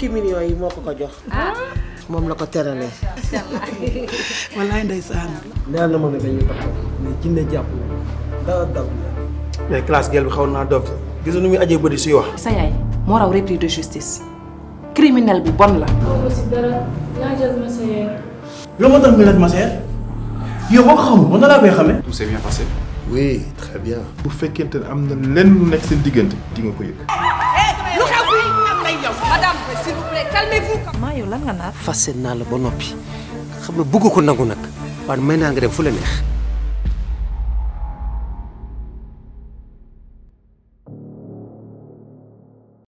fukki millions yi moo ko ko jox. Ah. moom la ko teralee. wallaay ndeysaan. nee na ma ne dañuy taxaw mais jinne jàpp na dara dal na. mais gel bi xaw naa dof gis nu muy ajee bëri suy wax. sa moo raw repris de justice. criminel bi bon la. loolu si dara laajal ma sa yaay. yow moo tax na laa koy xamee. tout s'est bien passé. très bien. bu fekkente ne am na lenn lu nekk seen diggante di ko yëg. madame s'il vous plaît calmez-vous. maa yow lan Je naan. fase naa la ba noppi xam ko